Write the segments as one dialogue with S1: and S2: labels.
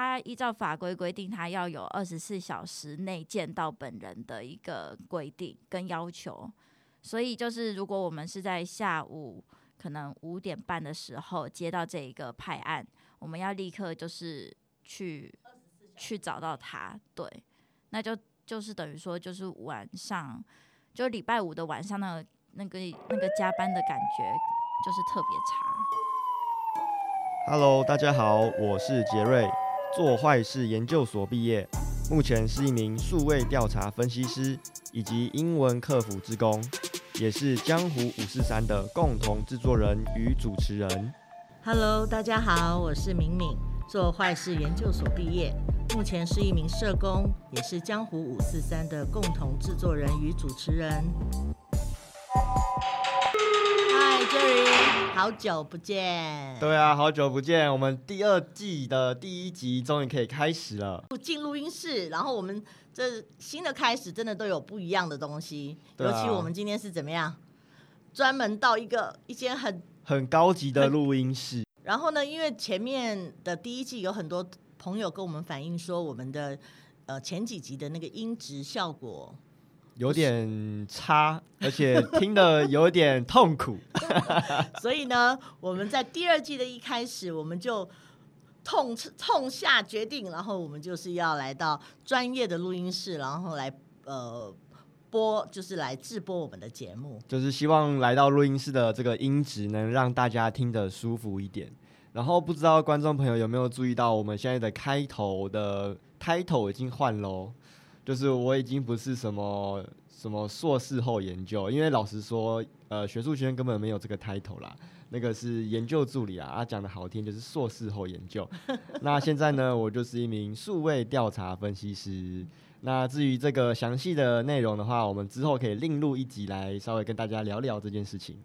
S1: 他依照法規規定，他要有二十四小時內見到本人的一個規定跟要求，所以就是如果我們是在下午可能五點半的時候接到這一個派案，我們要立刻就是去去找到他，對，那就就是等於說就是晚上，就禮拜五的晚上那個那個那個加班的感覺就是特別差。
S2: Hello，大家好，我是傑瑞。做壞事研究所畢業，目前是一名數位調查分析師以及英文客服之工，也是江湖五四三的共同制作人與主持人。
S3: Hello，大家好，我是鳴敏，做壞事研究所畢業，目前是一名社工，也是江湖五四三的共同
S2: 制作人與主持人。
S3: 嗨，Jerry。好久不見，
S2: 對啊，好久不見。我們第二季的第一集終於可以開始了。
S3: 進錄音室，然後我們這新的開始真的都有不一樣的東西。對啊，尤其我們今天是怎麼樣，專門到一個一間很
S2: 很高級的錄音室。
S3: 然後呢，因為前面的第一季有很多朋友跟我們反映說，我們的呃前幾集的那個音質效果。
S2: 有點差，而且聽得有點痛苦。
S3: 所以呢，我們在第二季的一開始，我們就痛痛下決定，然後我們就是要來到專業的錄音室，然後來呃播，就是來製播我們的節目，
S2: 就是希望來到錄音室的這個音質能讓大家聽得舒服一點。然後不知道觀眾朋友有沒有注意到，我們現在的開頭的開頭已經換嘍。就是我已經不是什麼什麼碩士後研究，因為老實說，呃，學術圈根本沒有這個 title 啦。那個是研究助理啊，啊，講的好聽就是碩士後研究。 那現在呢，我就是一名數位調查分析師。那至於這個詳細的內容的話，我們之後可以另錄一集來稍微跟大家聊聊這件事情。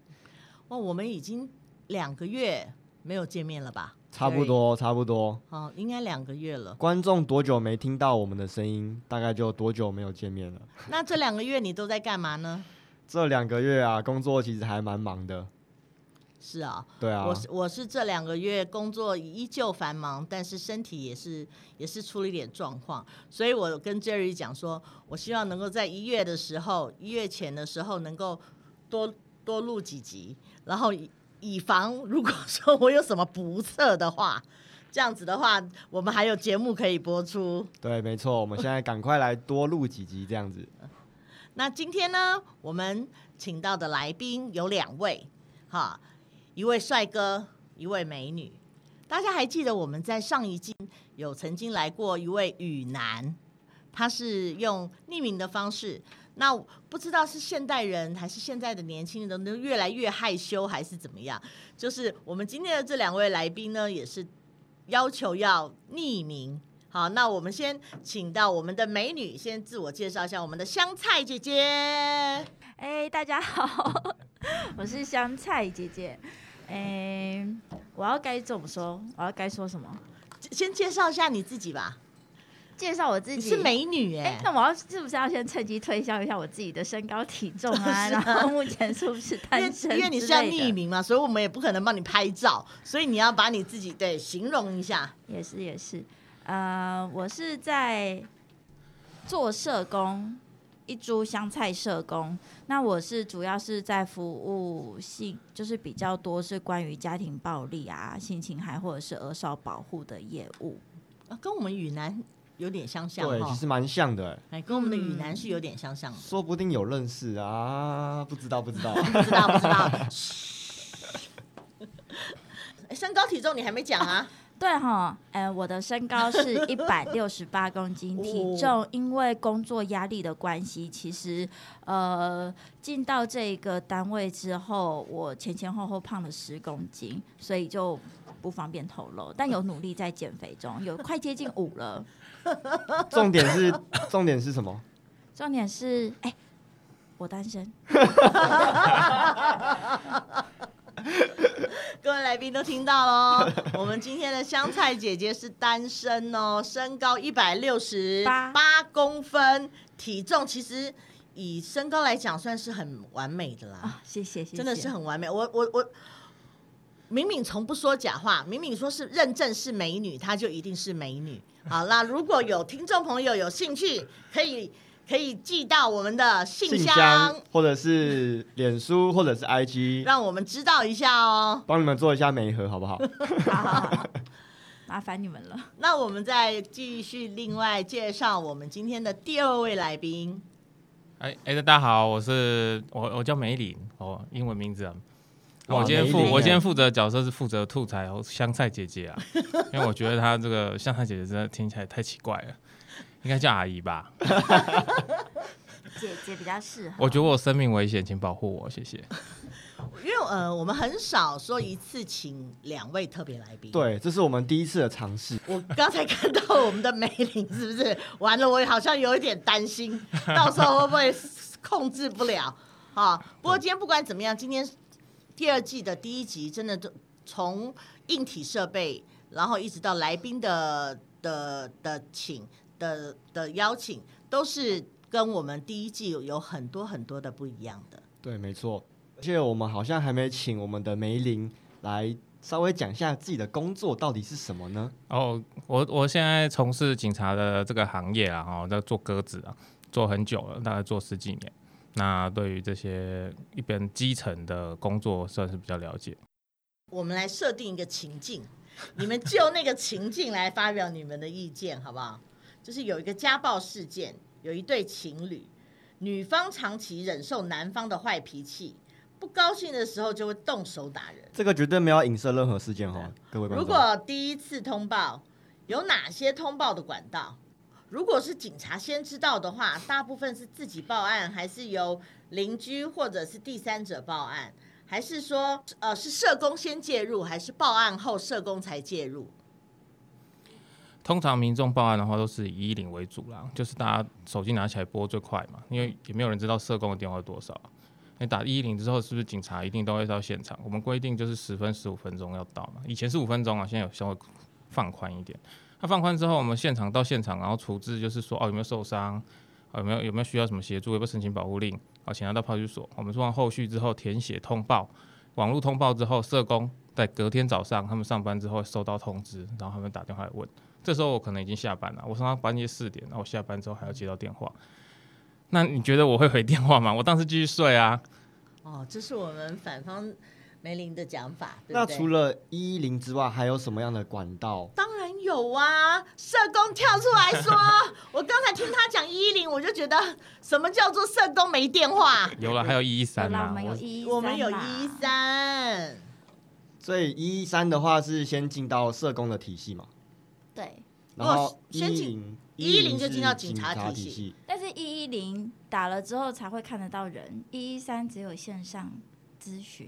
S3: 哇，我們已經兩個月沒有見面了吧？差不多
S2: ，Jerry，差不多。
S3: 好，應該兩個月了。
S2: 觀眾多久沒聽到我們的聲音？大概就多久沒有見面了。
S3: 那這兩個月你都在幹嘛呢？
S2: 這兩個月啊，工作其實還蠻忙的。
S3: 是啊。對啊。我是我是這兩個月工作依舊繁忙，但是身體也是也是出了一點狀況，所以我跟 Jerry 講說，我希望能夠在一月的時候，一月前的時候能夠多多錄幾集，然後。以防如果說我有什麼不測的話，這樣子的話，我們還有節目可以播出。
S2: 對，沒錯，我們現在趕快來多錄幾集這樣子。
S3: 那今天呢，我們請到的來賓有兩位，哈，一位帥哥，一位美女。大家還記得我們在上一季有曾經來過一位雨男，他是用匿名的方式。那不知道是現代人還是現在的年輕人，都越來越害羞還是怎麼樣？就是我們今天的這兩位來賓呢，也是要求要匿名。好，那我們先請到我們的美女先自我介紹一下，我們的香
S1: 菜姐姐。哎，大家好，我是香菜姐姐。哎，我要該怎麼說？我要該說什麼？先介紹一下你自己吧。介紹我自己是美女哎、欸欸，那我要是不是要先趁機推銷一下我自己的身高體重啊？ 然後目前是不是單身的 因？因為你是要匿
S3: 名嘛，所以我們也不可能幫你拍照，所以你要把你自己對形容一下、嗯。也是也是，
S1: 呃，我是在做社工，一株香菜社工。那我是主要是在服務性，就是比較多是關於家庭暴力啊、性侵害或者是兒少保護的業務。呃、啊，跟我們云男。有點相
S2: 像，像，對，哦、其實蠻像的，
S1: 哎，跟我們的羽南是有點相像，
S2: 像的、嗯，說不定有認識啊，不知道不知道，不知道 不
S3: 知道， 不知道 身高體重你還沒講啊？
S1: 對哈，誒，我的身高是一百六十八公斤，體重、哦、因為工作壓力的關係，其實呃，進到這個單位之後，我前前後後胖了十公斤，所以就不方便透露，但有努力在減肥中，有快接近五了。重點是，
S2: 重點是什麼？
S1: 重點是，誒，我單身。
S3: 各位來賓都聽到嘍，我們今天的香菜姐姐是單身哦，身高一百六十八公分，體重其實以身高來講算是很完美的啦。謝謝，真的是很完美。我我我，敏敏從不說假話，敏敏說是認證是美女，她就一定是美女。好啦，如果有聽眾朋友有興趣，可以。可以寄到我們的信箱，信箱
S2: 或者是臉書，或者是 IG，
S3: 讓我們知道一下哦、喔。
S2: 幫你們做一下媒合好不好？ 好，
S3: 好，好，好， 麻煩你們了。那我們再繼續另外介紹我們今天的第二位來賓。
S4: 哎哎，大家好，我是我我叫梅林哦，英文名字。我今天負我今天負責的角色是負責吐槽香菜姐姐啊， 因為我覺得她這個香菜姐姐真的聽起來太奇怪了。應該叫阿姨吧，
S3: 姐姐比較適合。我覺得
S4: 我生命危險，請保護我，謝謝。
S3: 因為呃，我們很少說一次請兩位特別來賓，對，
S4: 這是我們第一次的嘗試。 我
S3: 剛才看到我們的梅林，是不是 完了？我好像有一點擔心，到時候會不會控制不了 不過今天不管怎麼樣，今天第二季的第一集真的都從硬體設備，然後一直到來賓的的的請。的的邀請都是跟我們第一季有很多很多的不一樣的。
S2: 對，沒錯。而且我們好像還沒請我們的梅林來稍微講一下自己的工作到底是什麼呢？
S4: 哦，我我現在從事警察的這個行業啊，哦，在做鴿子啊，做很久了，大概做十幾年。那對於這些一邊基層的工作算是比較了解。
S3: 我們來設定一個情境，你們就那個情境 來發表你們的意見，好不好？就是有一個家暴事件，有一對情侶，女方長期忍受男方的壞脾氣，不高興的時候就會動手打
S2: 人。這個絕對沒有影射任何事件哈，啊，各位觀
S3: 眾。如果第一次通報有哪些通報的管道？如果是警察先知道的話，大部分是自己報案，還是由鄰居或者是第三者報案？還是說，呃，是社工先介入，還是報案後社工才介入？
S4: 通常民眾報案的話都是以110為主啦，就是大家手機拿起來撥最快嘛，因為也沒有人知道社工的電話有多少啊。你打110之後，是不是警察一定都會到現場？我們規定就是十分十五分鐘要到嘛，以前是五分鐘啊，現在有稍微放寬一點。那放寬之後，我們現場到現場，然後處置就是說哦，有沒有受傷，啊，哦，有沒有有沒有需要什麼協助，有沒有申請保護令，啊，哦，請他到派出所。我們做完後續之後填寫通報，網絡通報之後，社工在隔天早上他們上班之後收到通知，然後他們打電話來問。這時候我可能已經下班了，我上到半夜四點，那我下班之後還要接到電話，那你覺得我會回電話嗎？我當時繼續睡啊。
S3: 哦，這是我們反方梅林的講法。對對，那除
S2: 了一一零之外，還有什麼樣的管道？
S3: 當然有啊，社工跳出來說， 我剛才聽他講一一零，我就覺得什麼叫做社工沒電話？
S4: 有了，還有一一三吶，有我，
S3: 我們有一一三。
S2: 所以一一三的話是先進到社工的體系嘛？
S1: 對，然後先一一零就進到警察體系，但是一一零打了之後才會看得到人，一一三只有線上諮詢，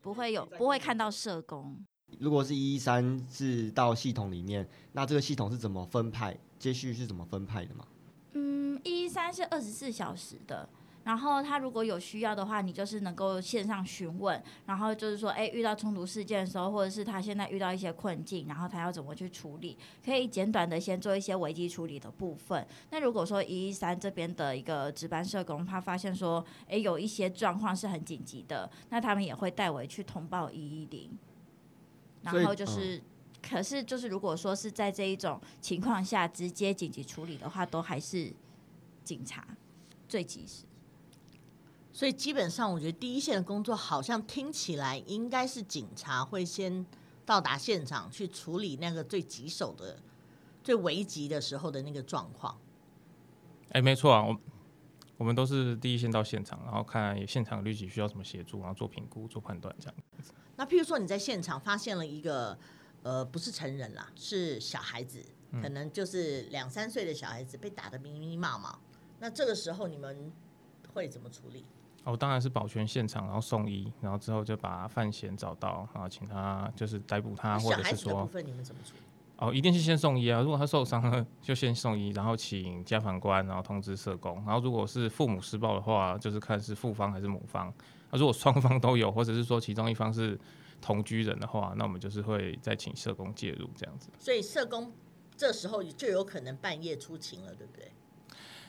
S1: 不會有，不會看到社工。
S2: 如果是一一三是到系統裡面，那這個系統是怎麼分派，接續是怎麼分派的嗎？嗯，
S1: 一一三是二十四小時的。然後他如果有需要的話，你就是能夠線上詢問，然後就是說，哎，遇到衝突事件的時候，或者是他現在遇到一些困境，然後他要怎麼去處理，可以簡短的先做一些危機處理的部分。那如果說一一三這邊的一個值班社工，他發現說，哎，有一些狀況是很緊急的，那他們也會代為去通報一一零。然後就是，可是就是如果說是在這一種情況下直接緊急處理的話，都還是警察最及時。所以基本上，我覺得第一線的工作
S3: 好像聽起來應該是警察會先到達現場去處理那個最棘手的、最危急的時候的那個狀況。
S4: 哎，沒錯啊，我我們都是第一線到現場，然後看現場立即需要什麼協助，然後做評估、做判斷這樣的。
S3: 那譬如說你在現場發現了一個呃，不是成人啦，是小孩子、嗯，可能就是兩三歲的小孩子被打得迷迷罵罵，那這個時候你們會怎麼處理？
S4: 哦，當然是保全現場，然後送醫，然後之後就把犯嫌找到，然後請他就是逮捕他，或者是說哦，一定是先送醫啊。如果他受傷了，就先送醫，然後請家防官，然後通知社工。然後如果是父母施暴的話，就是看是父方還是母方。那如果雙方都有，或者是說其中一方是同居人的話，那我們就是會再請社工介入這樣子。
S3: 所以社工這時候就有可能半夜出勤了，對不對？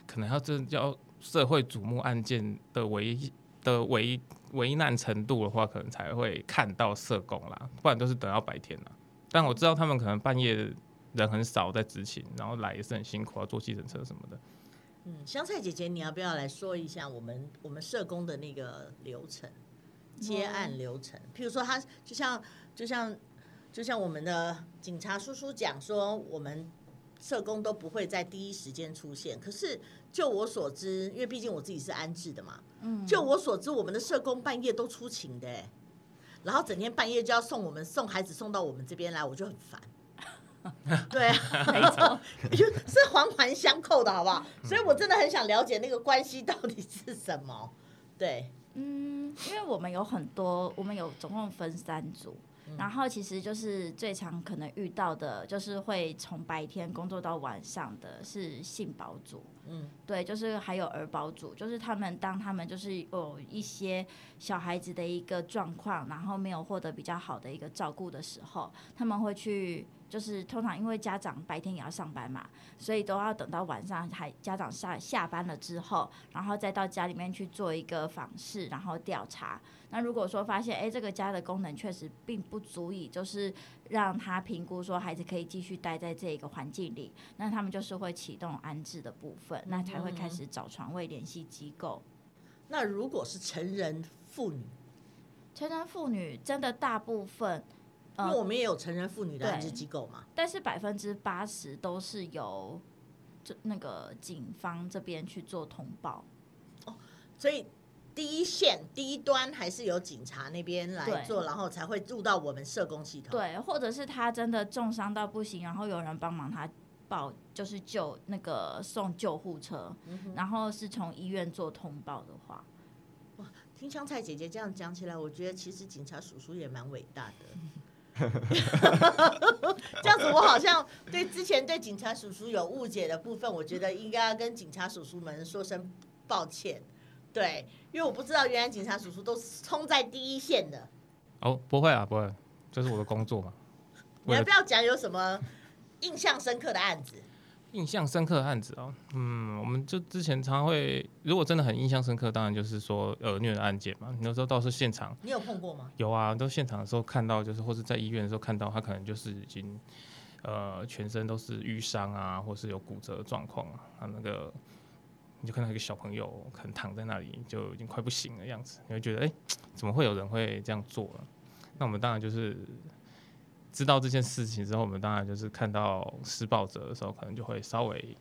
S4: 可能要真要。社會矚目案件的危、的危、危難程度的話，可能才會看到社工啦，不然都是等到白天啦。但我知道他們可能半夜人很少在執勤，然後來也是很辛苦，要坐計程車什麼的。嗯，
S3: 香菜姐姐，你要不要來說一下我們我們社工的那個流程、
S4: 接案
S3: 流程？嗯、譬如說，他就像就像就像我們的警察叔叔講說，我們。社工都不會在第一時間出現，可是就我所知，因為畢竟我自己是安置的嘛，嗯，就我所知，我們的社工半夜都出勤的，欸，然後整天半夜就要送我們送孩子送到我們這邊來，我就很煩。 對啊，沒錯， 是環環相扣的，好不好？所以我真的很
S1: 想了解那個關係到底是什麼。對，嗯，因為我們有很多，我們有總共分三組。嗯、然後其實就是最常可能遇到的，就是會從白天工作到晚上的是性保組，嗯，對，就是還有兒保組，就是他們當他們就是有一些小孩子的一個狀況，然後沒有獲得比較好的一個照顧的時候，他們會去。就是通常因為家長白天也要上班嘛，所以都要等到晚上，還家長下下班了之後，然後再到家裡面去做一個訪視，然後調查。那如果說發現，哎，這個家的功能確實並不足以，就是讓他評估說孩子可以繼續待在這個環境裡，那他們就是會啟動安置的部分，那才會開始找床位、聯繫機構。那如果是成人婦女，成人婦女真的大部分。
S3: 嗯、因為我們也有成
S1: 人婦女的安置機構嘛，呃、但是百分之八十都是由這那個警方這邊去做通報，
S3: 哦、所以第一線第一端還是由警察那邊來做，對，然後才會入到我們社工系統。
S1: 對，或者是他真的重傷到不行，然後有人幫忙他報，就是救那個送救護車，嗯，然後是從醫院做通報的話，哇，聽香菜姐姐這樣講起來，
S3: 我覺得其實警察叔叔也蠻偉大的。嗯哈哈哈這樣子，我好像對之前對警察叔叔有誤解的部分，我覺得應該要跟警察叔叔們說聲抱歉。對，因為我不知道，原來警察叔叔都是衝在第一線的。
S4: 哦，不會啊，不會，這是我的工作嘛。你要不
S3: 要講有什麼
S4: 印象深刻的案子？印象深刻的案子哦，嗯，我們就之前他常常會，如果真的很印象深刻，當然就是說兒虐的案件嘛。你有時候倒是現場，你有碰過嗎？有啊，都現場的時候看到，就是或是在醫院的時候看到，他可能就是已經呃全身都是瘀傷啊，或是有骨折的狀況啊。他那個你就看到一個小朋友可能躺在那裡就已經快不行的樣子，你會覺得哎怎麼會有人會這樣做呢、啊？那我們當然就是。知道這件事情之後，我們當然就是看到施暴者的時候，可能就會稍微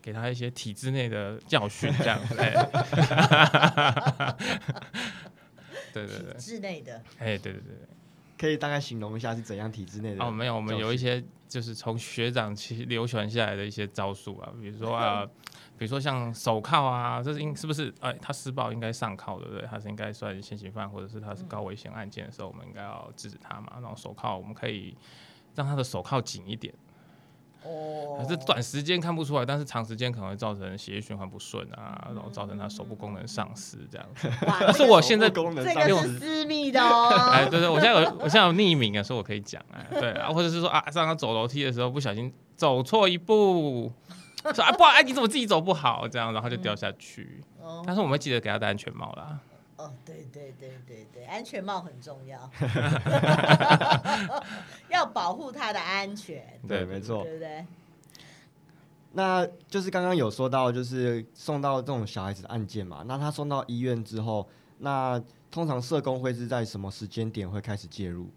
S4: 給他一些體制內的教訓，這樣子。 對對對，體制內的，哎，對對對，
S2: 可以大概形容一下是怎樣體制
S4: 內的哦？沒有，我們有一些就是從學長期流傳下來的一些招數啊，比如說啊。那個比如說像手銬啊，這是應是不是？哎、欸，他施暴應該上銬，對不對？他是應該算現行犯，或者是他是高危險案件的時候，嗯、我們應該要制止他嘛。然後手銬我們可以讓他的手銬緊一點。哦，還是短時間看不出來，但是長時間可能會造成血液循環不順啊，然後造成他手部功能喪失這樣子、嗯。但是我現在功能喪、這個、
S3: 私密的哦。哎，對對，我現在
S4: 有我現在有匿名啊，所以我可以講哎、啊，對啊，或者是說啊，讓他走樓梯的時候不小心走錯一步。 說啊不好哎，你怎麼自己走不好？這樣，然後就掉下去。但、嗯、是、哦、我們記得給他戴安全帽啦。哦，對對
S3: 對對對，安全帽很重要， 要保護他的安全。對，對，對，沒錯，對不對？
S2: 那就是剛剛有說到，就是送到這種小孩子的案件嘛。那他送到醫院之後，那通常社工會是在什麼時間點會開始介入？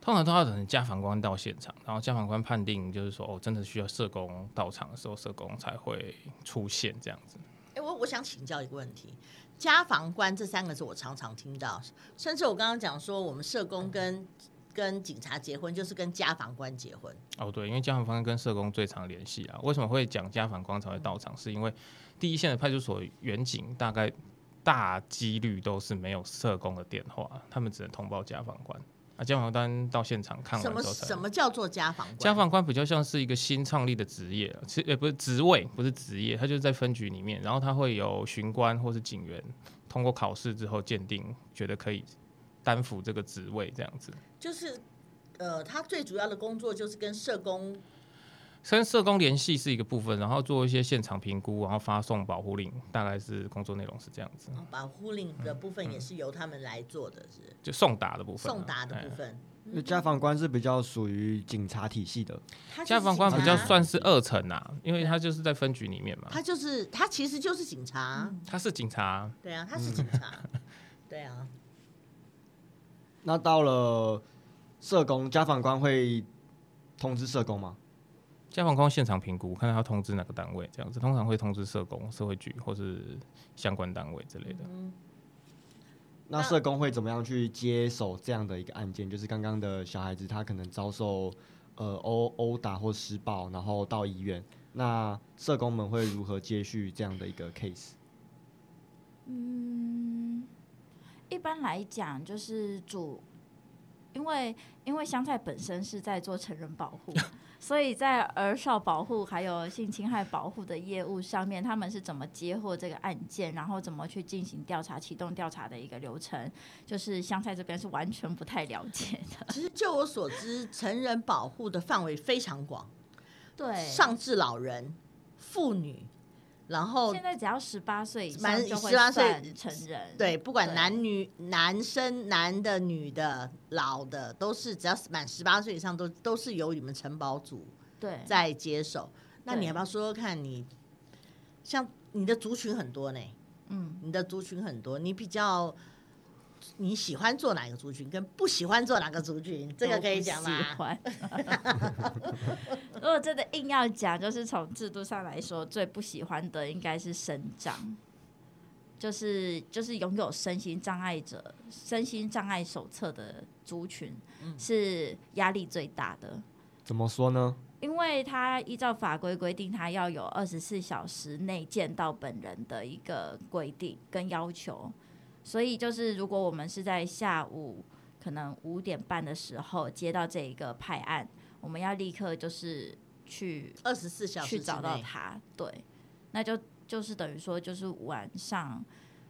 S4: 通常都要等家防官到現場，然後家防官判定就是說哦，真的需要社工到場的時候，社工才會出現這樣子。哎、
S3: 欸，我我想請教一個問題，家防官這三個字我常常聽到，甚至我剛剛講說我們社工跟、嗯、跟警察結婚，就是跟家防官
S4: 結婚。哦，對，因為家防官跟社工最常聯繫啊。為什麼會講家防官才會到場、嗯？是因為第一線的派出所、員警，大概大幾率都是沒有社工的電話，他們只能通報家防官。啊、家訪官到現場看了之後，什麼什
S3: 麼叫做家訪官？家
S4: 訪官比較像是一個新創立的職業，其實也不是職位，不是職業，他就是在分局裡面，然後他會有巡官或是警員通過考試之後鑑定，覺得可以擔負這個職位這樣子。
S3: 就是呃，他最主要的工作就是跟社工。
S4: 跟社工聯繫是一個部分，然後做一些現場評估，然後發送保護令，大概是工作內容是這樣子。保
S3: 護令的部分，嗯、也是由他們來做的是。就
S4: 送達的、的部分。送達的
S3: 部分。那家
S2: 防官是比較屬於警
S4: 察體系的。嗯，他家防官比較算是二層啊，因為他就是在分局裡面嘛。
S3: 他就是他其實就是警察，
S4: 嗯。他是警察。對啊，他是警察。
S3: 嗯、 對
S2: 啊。那到了社工，家防官會
S4: 通知社工嗎？家防官現場評估，看他通知哪個單位這樣子，通常會通知社工、社會局或是相關單位之類的。
S2: 那社工會怎麼樣去接手這樣的一個案件？就是剛剛的小孩子他可能遭受呃毆毆打或施暴，然後到醫院，那社工們會如何接續這樣的一個 case？嗯，
S1: 一般來講就是主。因為因為香菜本身是在做成人保護，所以在兒少保護還有性侵害保護的業務上面，他們是怎麼接獲這個案件，然後怎麼去進行調查、啟動調查的一個流程，就是香菜這邊是完全不太了解的。其實就我所知，成人保護
S3: 的範圍非常廣，
S1: 對，上
S3: 至老人、婦女。然後
S1: 現在只要十八歲
S3: 以上就會算成人，滿十八歲，對，不管男女，男生、男的、女的、老的，都是只要滿十八歲以上都都是由你們城堡組對在接手。那你要不要說說看你，像你的族群很多呢？嗯，你的族群很多，你比較。你喜歡做哪個族群？跟不喜歡做哪個族群？這個可以講嗎？喜歡
S1: 如果真的硬要講，就是從制度上來說，最不喜歡的應該是身障，就是就是擁有身心障礙者身心障礙手冊的族群，嗯、是壓力最大的。
S2: 怎麼說呢？
S1: 因為他依照法規規定，他要有二十四小時內見到本人的一個規定跟要求。所以就是，如果我們是在下午可能五點半的時候接到這一個派案，我們要立刻就是去二十四小時去找到他。對，那就就是等於說就是晚上，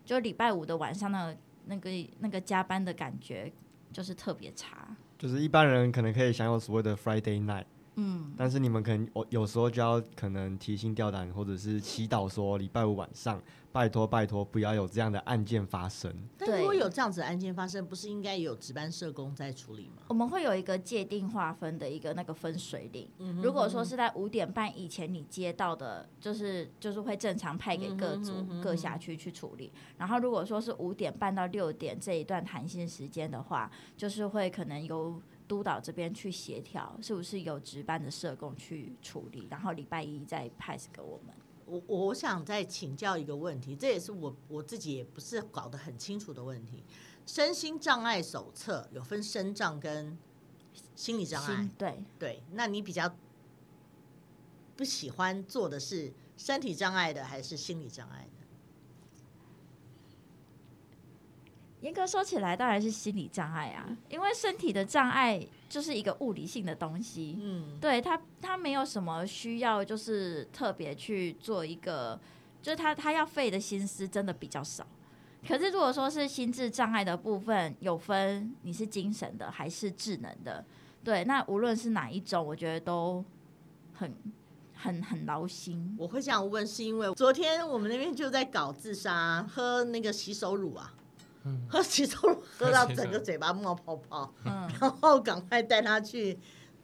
S1: 就禮拜五的晚上那個那個那個加班的感覺就是特別差。
S2: 就是一般人可能可以享有所謂的 Friday night。嗯，但是你們可能我有時候就要可能提心吊膽，或者是祈禱說禮拜五晚上，拜托拜托，不要有這樣的案件發生。
S3: 對，如果有這樣子的案
S1: 件發生，不是應該有值班社工在處理嗎？我們會有一個界定劃分的一個那個分水嶺，嗯嗯。如果說是在五點半以前你接到的，就是就是會正常派給各組，嗯哼嗯哼嗯哼，各轄區去處理。然後如果說是五點半到六點這一段彈性時間的話，就是會可能有。督導這邊去協調，是不是有值班的社工去處理？然後禮拜一再 pass 給我們。我我想
S3: 再請教一個問題，這也是我我自己也不是搞得很清楚的問題。身心障礙手冊有分身障跟心理障礙，對對。那你比較不喜歡做的是身體障礙的還
S1: 是心理障礙的？嚴格說起來，當然是心理障礙啊，因為身體的障礙就是一個物理性的東西。嗯，對，他，他沒有什麼需要，就是特別去做一個，就是他他要費的心思真的比較少。可是如果說是心智障礙的部分，有分你是精神的還是智能的，對，那無論是哪一種，我覺得都很很很勞心。我會這樣問，是因為昨
S3: 天我們那邊就在搞自殺，喝那個洗手乳啊。喝起粥喝到整個嘴巴冒泡泡，然後趕快帶他去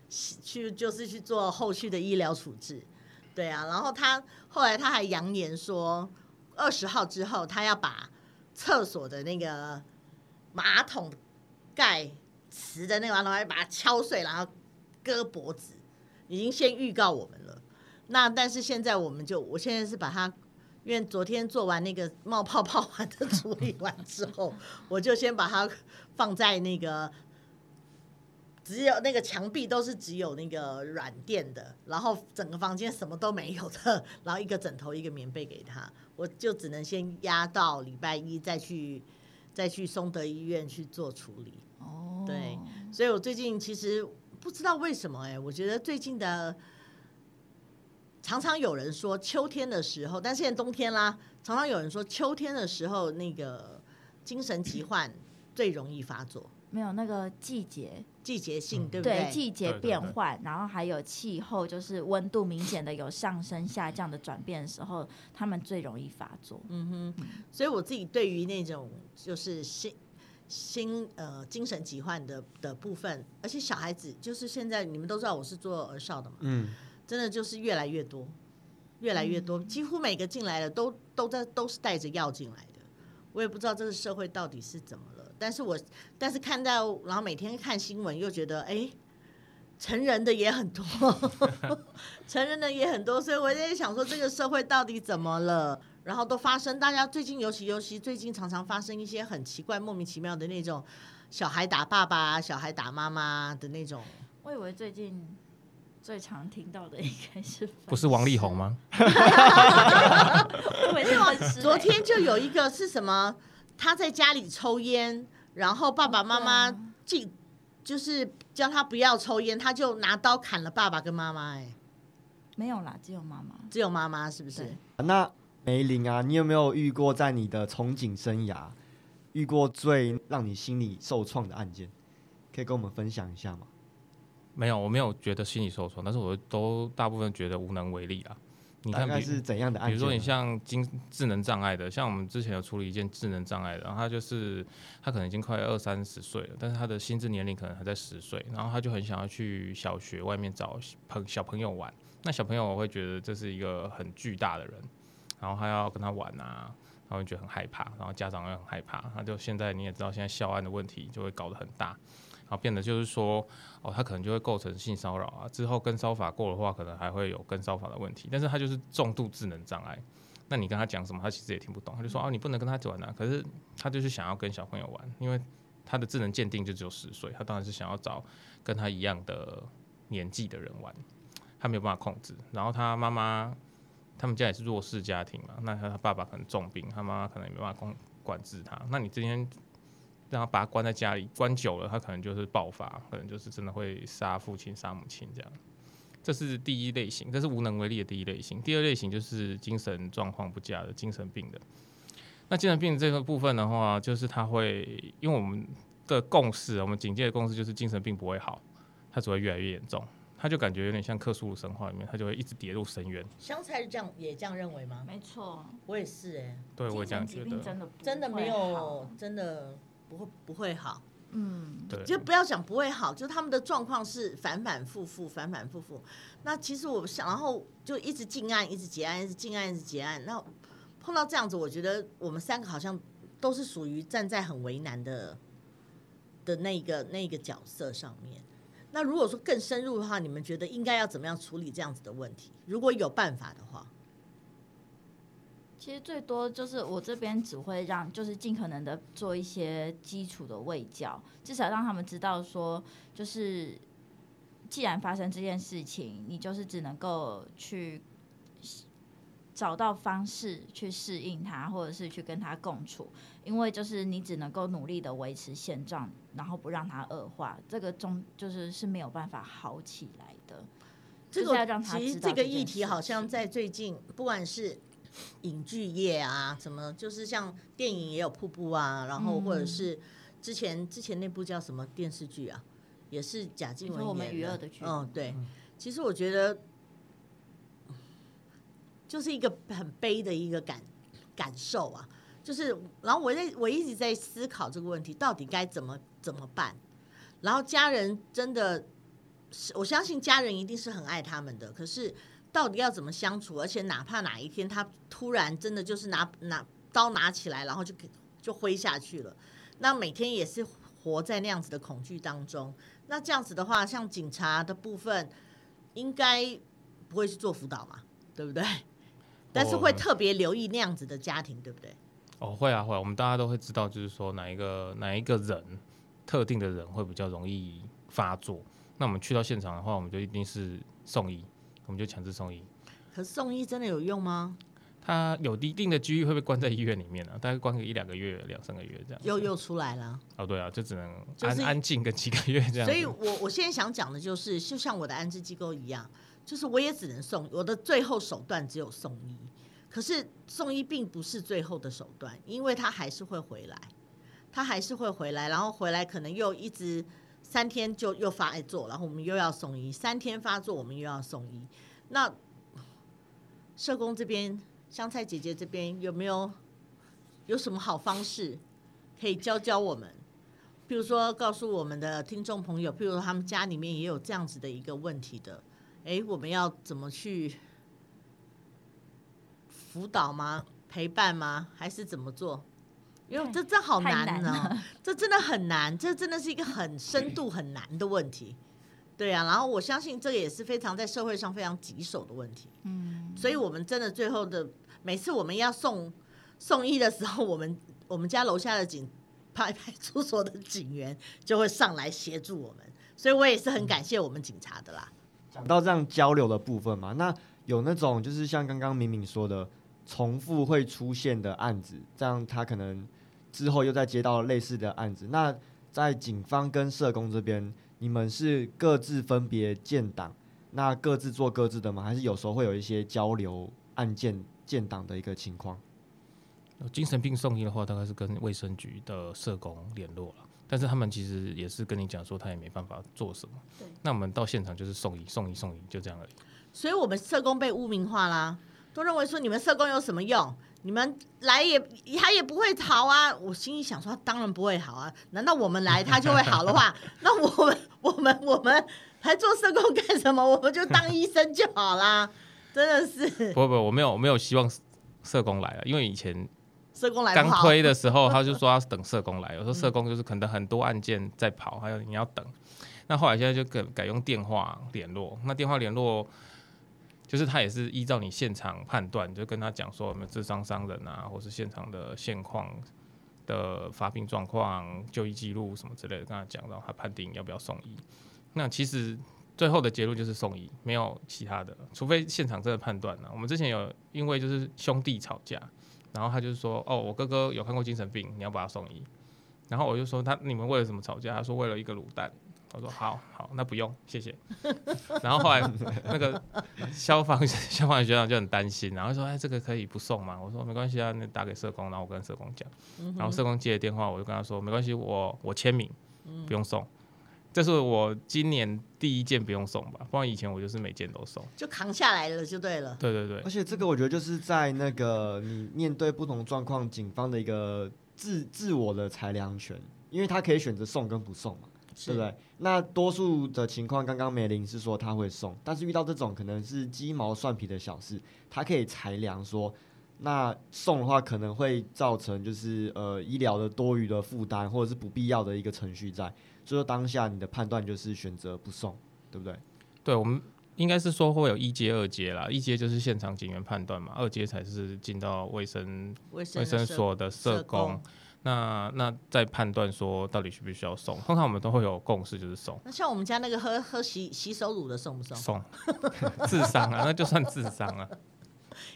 S3: 去就是去做後續的醫療處置，對啊，然後他後來他還揚言說二十號之後他要把廁所的那個馬桶蓋瓷的那個馬桶蓋把它敲碎，然後割脖子，已經先預告我們了。那但是現在我們就我現在是把他。因為昨天做完那個冒泡泡完的處理完之後，我就先把它放在那個只有那個牆壁都是只有那個軟墊的，然後整個房間什麼都沒有的，然後一個枕頭一個棉被給他，我就只能先壓到禮拜一再去再去松德醫院去做處理。哦，對，所以我最近其實不知道為什麼哎、欸，我覺得最近的。常常有人說秋天的時候，但是現在冬天啦。常常有人說秋天的時候，那個精神疾患最容易發作，
S1: 沒有那個季節季節性，對、嗯、不對？季節變換，然後還有氣候，就是溫度明顯的有上升下降的轉變的時候，他們最容易發作。
S3: 嗯哼，所以我自己對於那種就是心心呃精神疾患的的部分，而且小孩子就是現在你們都知道我是做兒少的嘛，嗯。真的就是越來越多，越來越多，幾乎每個進來的都都在都是帶着藥進來的。我也不知道這個社會到底是怎麼了，但是我但是看到，然後每天看新聞又覺得，誒、欸，成人的也很多， 成人的也很多，所以我在想說，這個社會到底怎麼了？然後都發生，大家最近尤其尤其最近常常發生一些很奇怪、莫名其妙的那種小孩打爸爸、小孩打媽媽的那種。
S1: 我以為最近。最常聽到的應
S4: 該是不是王力宏嗎？
S3: 天欸，昨天就有一個是什麼？他在家裡抽菸，然後爸爸媽媽就，就是叫他不要抽菸，他就拿刀砍了爸爸跟媽媽。哎，沒有啦，只有媽媽，只有媽媽，是不
S2: 是？那梅林啊，你有沒有遇過在你的從警生涯遇過最讓你心裡受創的案件？可以跟我們分享一下嗎？
S4: 沒有，我沒有覺得心理受挫。但是我都大部分覺得無能為力啊。你看是怎樣的案件啊？比如說你像精智能障礙的，像我們之前有處理一件智能障礙的，然後他就是他可能已經快二三十歲了，但是他的心智年齡可能還在十歲，然後他就很想要去小學外面找朋小朋友玩。那小朋友我會覺得這是一個很巨大的人，然後他要跟他玩啊，然後覺得很害怕，然後家長也很害怕，他就現在你也知道，現在校安的問題就會搞得很大。好，變得就是說，哦，他可能就會構成性騷擾啊。之後跟騷法過的話，可能還會有跟騷法的問題。但是他就是重度智能障礙，那你跟他講什麼，他其實也聽不懂。他就說哦，你不能跟他玩啊。可是他就是想要跟小朋友玩，因為他的智能鑑定就只有十歲，他當然是想要找跟他一樣的年紀的人玩，他沒有辦法控制。然後他媽媽，他們家也是弱勢家庭嘛，那他爸爸可能重病，他媽媽可能也沒辦法控管制他。那你今天……然後讓他把他關在家裡，關久了，他可能就是爆發，可能就是真的會殺父親、殺母親這樣。這是第一類型，這是無能為力的第一類型。第二類型就是精神狀況不佳的精神病的。那精神病這個部分的話，就是他會因為我們的共識，我們警戒的共識就是精神病不會好，他只會越來越嚴重。他就感覺有點像《克蘇魯神話》裡面，他就會一直跌入深淵。
S3: 香菜是這樣，也這樣認為嗎？沒錯，我也是
S4: 哎、欸。對，我也這樣覺得，真的真
S3: 的沒有真的。不會，不會好。
S1: 嗯，
S4: 對，就
S3: 不要講不會好，就他們的狀況是反反复复，反反复复。那其實我想，然後就一直進案，一直結案，一直進案，一直結案。那碰到這樣子，我覺得我們三個好像都是屬於站在很為難的的那個那個角色上面。那如果說更深入的話，你們覺得應該要怎麼樣處理這樣子的問題？如果有辦法的話。
S1: 其實最多就是我這邊只會讓，就是盡可能的做一些基礎的衛教，至少讓他們知道說，就是既然發生這件事情，你就是只能夠去找到方式去適應它，或者是去跟它共處，因為就是你只能夠努力的維持現狀，然後不讓它惡化，這個中就是是沒有辦法好起來的。這個其實、就是要讓他知道這，這個、這個議題好像在最近，不管是。影
S3: 劇業啊，什麼就是像電影也有瀑布啊，然後或者是之前之前那部叫什麼電視劇啊，也是賈靜雯演的，我們娛樂的劇。嗯，對。其實我覺得就是一個很悲的一個感感受啊，就是，然後我在我一直在思考這個問題，到底該怎麼怎麼辦？然後家人真的是，我相信家人一定是很愛他們的，可是。到底要怎麼相處？而且哪怕哪一天他突然真的就是拿拿刀拿起來，然後就給就揮下去了，那每天也是活在那樣子的恐懼當中。那這樣子的話，像警察的部分，應該不會去做輔導嘛，對不對？
S4: 但是會特
S3: 別留意那樣子的家庭，哦、對不對？
S4: 哦，會啊會啊，我們大家都會知道，就是說哪一個哪一個人特定的人會比較容易發作。那我們去到現場的話，我們就一定是送醫。我們就強制送醫，
S3: 可是送醫真的有用嗎？
S4: 他有一定的機率會被關在醫院裡面啊，大概關個一兩個月，兩三個月這樣，又
S3: 又出來了。
S4: 哦，對啊，就只能安、就是、安靜個幾個月這樣。所以
S3: 我我現在想講的就是，就像我的安置機構一樣，就是我也只能送，我的最後手段只有送醫。可是送醫並不是最後的手段，因為他還是會回來，他還是會回來，然後回來可能又一直。三天就又發作，然後我們又要送醫。三天發作，我們又要送醫。那社工這邊，香菜姐姐這邊有沒有有什麼好方式可以教教我們？比如說告訴我們的聽眾朋友，譬如說他們家裡面也有這樣子的一個問題的，哎、欸，我們要怎麼去輔導嗎？陪伴嗎？還是怎麼做？因為這這好難呢、哦，這真的很難，這真的是一個很深度很難的問題， 對啊，然後我相信這個也是非常在社會上非常棘手的問題，嗯。所以我們真的最後的每次我們要送送醫的時候，我們我們家樓下的警派派出所的警員就會上來協助我們，所以我也是很感謝我們警察的啦。
S2: 嗯、講到這樣交流的部分嘛，那有那種就是像剛剛鳴敏說的，重複會出現的案子，這樣他可能。之後又再接到類似的案子，那在警方跟社工這邊，你們是各自分別建檔，那各自做各自的嗎？還是有時候會有一些交流案件建檔的一個情
S4: 況？精神病送醫的話，大概是跟衛生局的社工聯絡了，但是他們其實也是跟你講說，他也沒辦法做什麼。對，那我們到現場就是送醫、送醫、送醫，就這樣而已。
S3: 所以，我們社工被污名化啦，都認為說你們社工有什麼用？你們來也，他也不會逃啊！我心裡想說，他當然不會好啊！難道我們來他就會好的話？ 那我們我們我們還做社工幹什麼？我們就當醫生就好啦！ 真的是
S4: 不不，我沒有我沒有希望社工來了，因為以前社工來剛推的時候，他就說要等社工來。有時候社工就是可能很多案件在跑，還有你要等。那後來現在就改改用電話聯絡，那電話聯絡。.就是他也是依照你現場判斷，就跟他講說有沒有自傷傷傷人啊，或是現場的現況的發病狀況、就醫記錄什麼之類的，跟他講，然後他判定要不要送醫。那其實最後的結論就是送醫，沒有其他的，除非現場真的判斷了。我們之前有因為就是兄弟吵架，然後他就是說：“哦，我哥哥有看過精神病，你要把他送醫。”然後我就說他：“他你們為了什麼吵架？”他說：“為了一個滷蛋。”我說好好，那不用，謝謝。 然後後來那個消防 消防學長就很擔心，然後說：“哎，這個可以不送嗎？”我說：“沒關係啊，你打給社工，然後我跟社工講。”然後社工接了電話，我就跟他說：“沒關係，我我簽名，不用送，嗯，這是我今年第一件不用送吧？不然以前我就是每件都送，
S3: 就扛下來了，就對了。”
S4: 對對對，而
S2: 且這個我覺得就是在那個你面對不同狀況，警方的一個自自我的裁量權，因為他可以選擇送跟不送嘛。對不對？那多數的情況，剛剛梅林是說他會送，但是遇到這種可能是雞毛蒜皮的小事，他可以裁量說，那送的話可能會造成就是呃醫療的多餘的負擔，或者是不必要的
S4: 一個程序在。所以說當下你的判斷就是選擇不送，對不對？對，我們應該是說會有一階、二階啦。一階就是現場警員判斷嘛，二階才是進到衛生衛生，衛生所的社工。社工那那在判斷說，到底需不需要送，通常我們都會有共識，就是送。
S3: 那像我們家那個喝喝洗洗手乳的送不送？送，
S4: 自 傷啊， 那就算自傷了，
S3: 啊，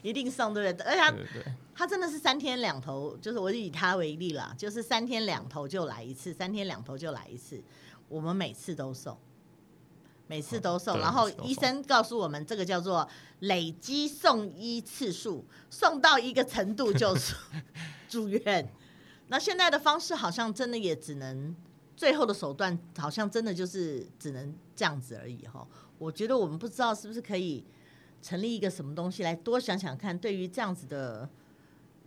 S3: 一定送，對不對？而且他，對對對他真的是三天兩頭，就是我以他為例啦，就是三天兩頭就來一次，三天兩頭就來一次，我們每次都送，每次都送。嗯、然後醫生告訴我們，這個叫做累積送醫次數，送到一個程度就 住院。那現在的方式好像真的也只能，最後的手段好像真的就是只能這樣子而已哈。我覺得我們不知道是不是可以成立一個什麼東西來多想想看，對於這樣子的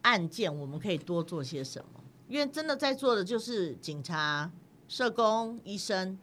S3: 案件，我們可以多做些什麼？因為真的在做的就是警察、社工、醫生，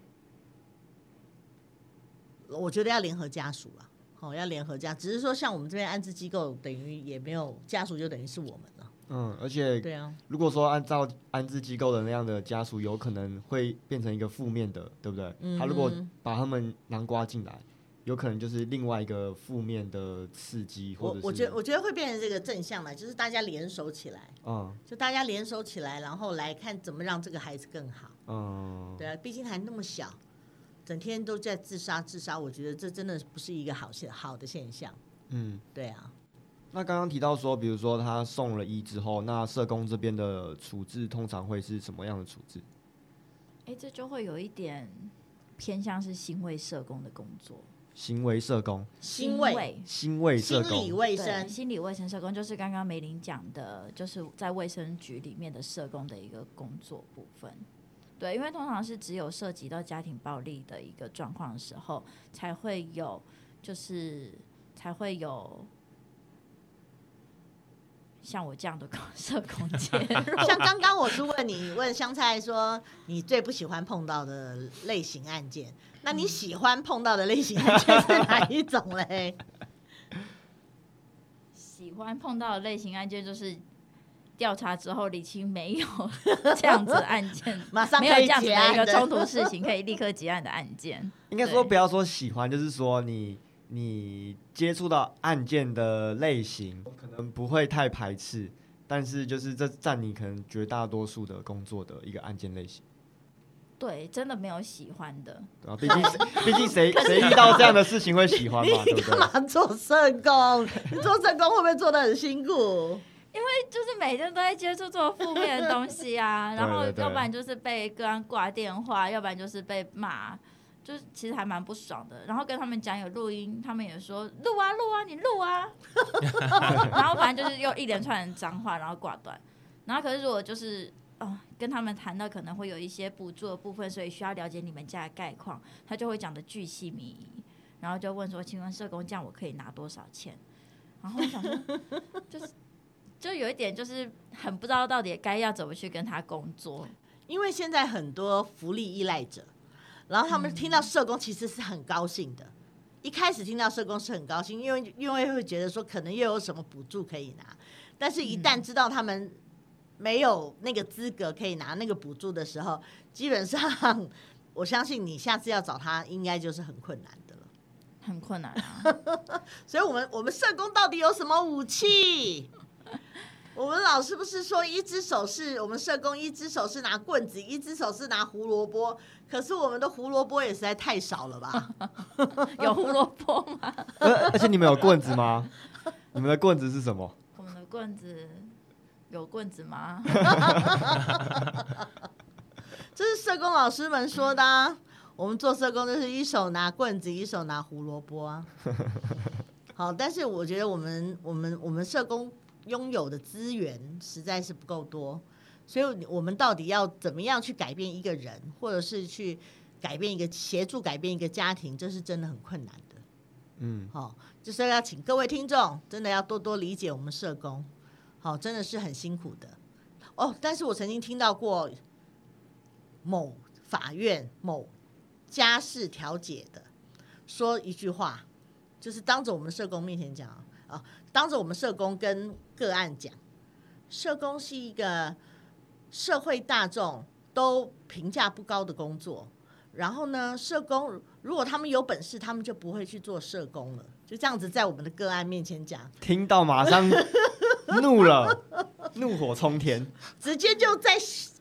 S3: 我覺得要聯合家屬了。好，要聯合家，只是說像我們這邊安置機構，等於也沒有家屬，就等於是我們。
S2: 嗯，而且，對啊，如果說按照安置機構的那樣的家屬，有可能會變成一個負面的，對不對？嗯，他如果把他們南瓜進來，有可能就是另外一個負面的刺激或者是。我我覺得，我
S3: 覺得會變成這個正向嘛，就是大家聯手起來，嗯，就大家聯手起來，然後來看怎麼讓這個孩子更好。
S2: 嗯，對
S3: 啊，畢竟還那麼小，整天都在自殺，自殺，我覺得這真的不是一個好現好的現象。嗯，對啊。
S2: 那剛剛提到說，比如說他送了醫之後，那社工這邊的處置通常會是什麼樣的處置？
S1: 哎、欸，這就會有一點偏向是心衛社工的工作。
S2: 心衛社工，心衛、心衛社工，對，心理
S1: 衛生、心理衛生社工，就是剛剛梅林講的，就是在衛生局裡面的社工的一個工作部分。對，因為通常是只有涉及到家庭暴力的一個狀況的時候，才會有，就是才會有。像我這樣的公設空
S4: 間， 像剛
S3: 剛我是問
S1: 你， 問香菜說，
S3: 你最不喜歡碰到的類型案件，那你喜歡
S1: 碰到的類型案件是哪一種嘞？ 喜歡碰到的類型案件就是調查之後理清沒有這樣子的案件， 馬上沒有這樣子的一個衝突事情，可以立刻結案的案件。
S2: 應該說不要說喜歡，就是說你。你接觸到案件的類型，可能不會太排斥，但是就是這占你可能絕大多數的工作的一個案件類型。
S1: 對，真的沒有喜歡的。畢竟啊，畢竟誰誰遇到這樣的事情會喜歡嘛？可是，對不對？幹嘛做社工？你做社工會不會做的很辛苦？ 因為就是每天都在接觸這種負面的東西啊， 然後要不然就是被個案掛電話，要不然就是被罵。就是其實還蠻不爽的，然後跟他們講有錄音，他們也說錄啊錄啊，你錄啊， 然後反正就是用一連串的髒話，然後掛斷。然後可是如果就是啊、哦，跟他們談到可能會有一些補助的部分，所以需要了解你們家的概況，他就會講的巨細靡遺，然後就問說，請問社工這樣我可以拿多少錢？然後我想說， 就是就有一點就是很不知道到底該要怎麼去跟他工作，因為現在很多
S3: 福利依賴者。然後他們聽到社工其實是很高興的，一開始聽到社工是很高興，因為因為會覺得說可能又有什麼補助可以拿，但是一旦知道他們沒有那個資格可以拿那個補助的時候，基本上我相信你下次要找他應該就是很困難的
S1: 了，很
S3: 困難啊！ 所以，我們我們社工到底有什麼武器？我們老師不是說，一隻手是我們社工，一隻手是拿棍子，一隻手是拿胡蘿蔔。可是我們的胡蘿蔔也實在太少了吧？ 有胡蘿蔔
S2: 嗎？ 而且你們有棍子嗎？ 你們的棍子是什麼？我
S1: 們的棍子有棍子嗎？這 是
S3: 社工老師們說的啊。我們做社工就是一手拿棍子，一手拿胡蘿蔔啊。好，但是我覺得我們我們我們社工。擁有的資源實在是不夠多，所以我們到底要怎麼樣去改變一個人，或者是去改變一個協助改變一個家庭，這是真的很困難的。嗯、哦，好，就是要請各位聽眾真的要多多理解我們社工，好、哦，真的是很辛苦的。哦，但是我曾經聽到過某法院某家事調解的說一句話，就是當着我們社工面前講啊、哦，當着我們社工跟個案講，社工是一個社會大眾都評價不高的工作。然後呢，社工如果他們有本事，他們就不會去做社工了。就這樣子，在我們的個案面前講，
S2: 聽到馬上怒了， 怒火衝天，
S3: 直接就在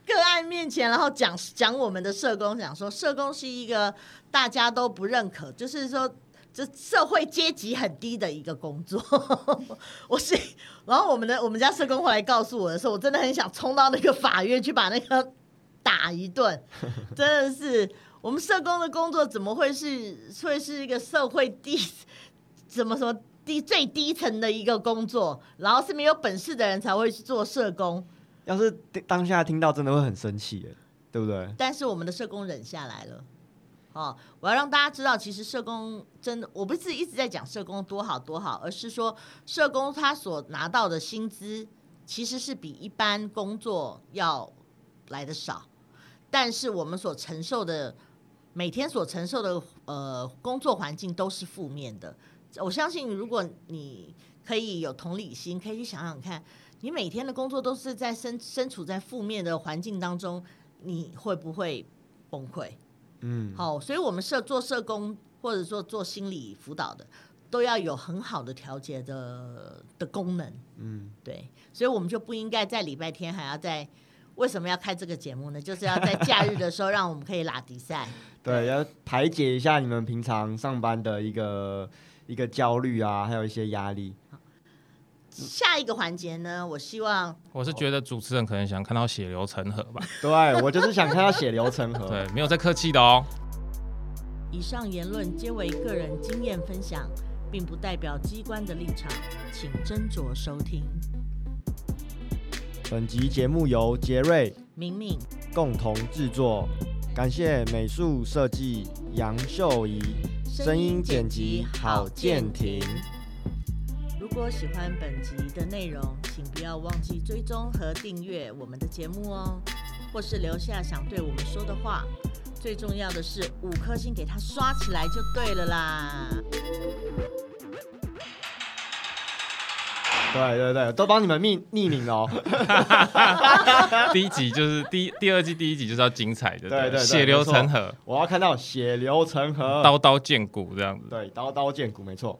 S3: 個案面前，然後講講我們的社工，講說社工是一個大家都不認可，就是說。社會階級很低的一個工作， 我是。然後我們的我們家社工後來告訴我的時候，我真的很想衝到那個法院去把那個打一頓， 真的是我們社工的工作怎麼會是會是一個社會低，怎麼說低最低層的一個工作？然後是沒有本事的人才
S2: 會去做社工。要是當下聽到，真的會很生氣，對不對？
S3: 但是我們的社工忍下來了。哦，我要讓大家知道，其實社工真的，我不是一直在講社工多好多好，而是說社工他所拿到的薪資其實是比一般工作要來的少，但是我們所承受的、每天所承受的呃工作環境都是負面的。我相信，如果你可以有同理心，可以去想想看，你每天的工作都是在身身處在負面的環境當中，你會不會崩潰？嗯，好，所以我們社做社工或者說做心理輔導的，都要有很好的調節的的功能。嗯，對，所以我們就不應該在禮拜天還要在。為什麼要開這個節目呢？就是要在假日的時候讓我們可以拉迪賽。
S2: 對，要排解一下你們平常上班的一個一個焦慮啊，還有一些壓力。
S3: 下一個環節呢？我希望
S4: 我是覺得主持人可能想看到血流成河吧、oh.。
S2: 對，我就是想看到血流成
S4: 河。 對，沒有在客氣的哦、喔。
S3: 以上言論皆為個人經驗分享，並不代表機關的立場，請斟酌收聽。
S2: 本集節目由傑瑞、鳴敏共同製作，感謝美術設計楊琇詒，聲音剪輯郝建廷。
S3: 如果喜歡本集的內容，請不要忘記追蹤和訂閱我們的節目哦，或是留下想對我們說的話。最重要的是五顆星給它刷起來就對了啦！
S2: 對對對，都幫你們匿匿名了哦。 第
S4: 一集就是第第二季第一集就是要精彩的，對對，對，對，血流成河，
S2: 我要看到血流成河，刀
S4: 刀見骨這樣子。
S2: 對，刀刀見骨沒錯，沒錯。